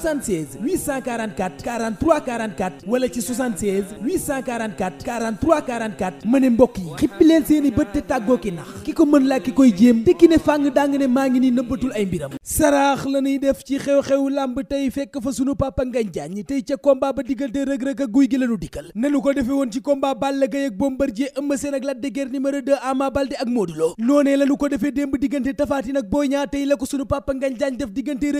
76 844 43 44 wala ci 76 844 43 44 ma ne mbokk yi xippi leen seeni bët te tàggoo ki nax ki ko mën laa ki koy jéem te ki ne fàng daa ne maa ngi nii nëbbatul ay mbiram saraax la ñuy def ci xew-xewu làmb tey fekk fa sunu papa ngañ jaañ tey ca combat ba diggante rëg-rëg ak guy gi lañu dikkal nanu ko defe woon ci combat Balla Gaye ak Bombardier Eumeu Sène ak Lac de numéro 2 Ama Baldé ak Modou noonee lanu ko defee démb diggante Tapha Tine ak Boy Niang tey la ko sunu papa ngañ jaañ def diggante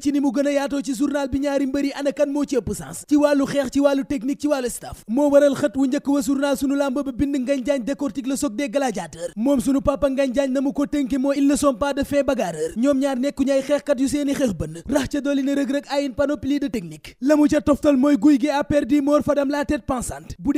gi ni mu gën a yaatoo ci journal bi ñaari mbër yi ana moo ci ëpp sens ci wàllu xeex ci wàllu technique ci wàllu staff moo waral xët wu njëkk wa journal sunu làmb ba bind Ngagne Diagne décortique le choc des gladiateurs moom sunu papa Ngagne Diagne na mu ko tënke moo ils ne sont pas de faits bagarreurs ñoom ñaar nekkuñu ay xeexkat yu seeni xeex bënn rax ca dolli ne rëg-rëg ay une de technique la mu ca toftal mooy guy gi a perdu mor fadam la tête pensante bu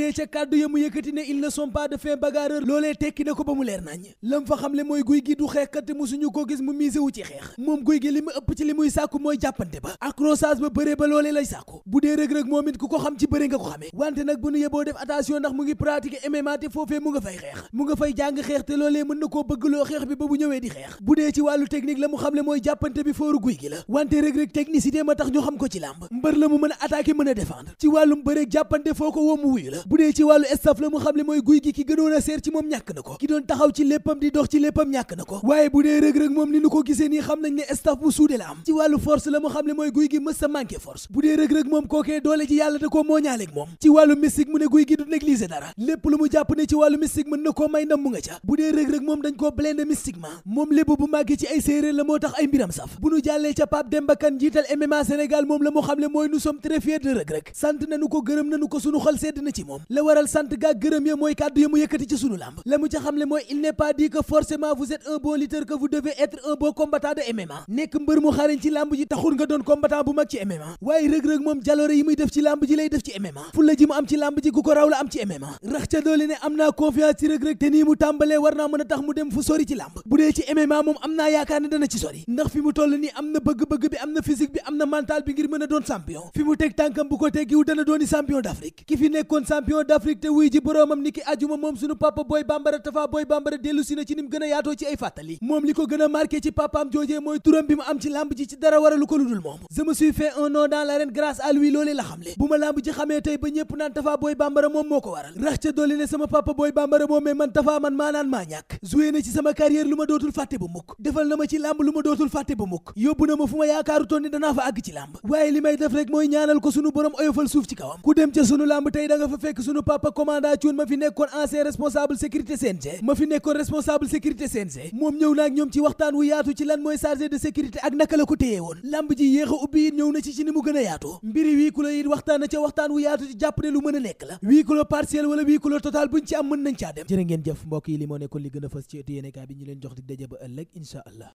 jàppante ba accrochage ba bëre ba loolee lay sàkku bu dee rëg-rëg moom it ku ko xam ci bëre nga ko xamee wante nag bu nu yeboo def attention ndax mu ngi pratiquer MMA te foofee mu nga fay xeex mu nga fay jàng xeex te loolee mën na koo bëggloo xeex bi ba bu ñëwee di xeex bu dee ci wàllu technique la mu xam ko ci làmb mbër la mu mën a attaquer mën a défendre ci wàllum bëre jàppante foo ko woo wuyu la bu dee ci wàllu staff la mu xam le mooy guy gi ki gënoon a seer mu xam le mooy guy gi mës sa manqué force bu dee rëg-rëg moom kookee doole ji yàlla da koo mooñaaleeg moom ci wàllu mystique mu ne guy gi du négliger dara lépp lu mu jàpp ne ci wàllu mystique mën na koo may ndam mu nga ca bu dee rëg-rëg moom dañ koo blindé mystiquement moom lépp bu màgg ci ay séeréer la moo tax ay mbiram saf bu nu jàllee ca Pape Demba Kane MMA Sénégal moom la mu xam le mooy nous sommes très fiers de rëg-rëg sant nañu ko gërëm nañu ko sunu xol sedd na ci moom la waral sant gaa mooy kàddu ya mu yëkkati ci sunu làmb la mu mooy il n'est pas dit que forcément vous êtes un bon lutteur nekk mbër mu xarañ ci làmb ji taxul pour ndax fi mu toll nii am na bëgg-bëgg bi am na physique bi am na mental bi ngir mën a doon champion fi mu teg tànkam bu ko teggiwu dana dooni champion d'Afrique ki fi nekkoon champion d'Afrique te wuy ji boroomam ni ki ajuma moom sunu papa booy bambara tafa booy bambara dellu na ci nim gën yaatoo ci ay fàttali moom li ko gën a ci papaam joojee mooy turam bi mu am ci làmb ji ci dara waralu ko lu dul moom je me suis fait un nom dans l'arène grâce à lui loolee la xamle bu ma lamb ji xamee tey ba ñëpp naan Tafa Boy Bambara moom moo ko waral rax ca dolli ne sama papa Boy Bambara moom mais man Tafa man maa naan maa ñàkk joué na ci sama carrière lu ma dootul fàtte ba mukk defal na ma ci lamb lu ma dootul fàtte ba mukk yóbbu na ma fu ma yaakaaru toon ni danaa fa àgg ci lamb waaye li may def rek mooy ñaanal ko sunu borom oyofal suuf ci kawam ku dem ca sunu lamb tey da nga fa fekk sunu papa commandant Thioune ma fi nekkoon ancien responsable sécurité CNG ma fi nekkoon responsable sécurité CNG moom ñëw naag ñoom ci waxtaan wu yaatu ci lan mooy chargé de sécurité ak naka la ko téyee woon lamb ji yéex ubbi it ñëw na ci ci ni mu gën a yaatoo mbiri huis it waxtaan na ca waxtaan wu yaatu ci jàpp ne lu mën nekk la huis clos partiel wala huis buñ ci am mën nañ caa dem jërë ngeen jëf mbokk yi li li gën a fës ci ëttu yéenekaay bi ñu leen jox di daje ba ëllëg incha allah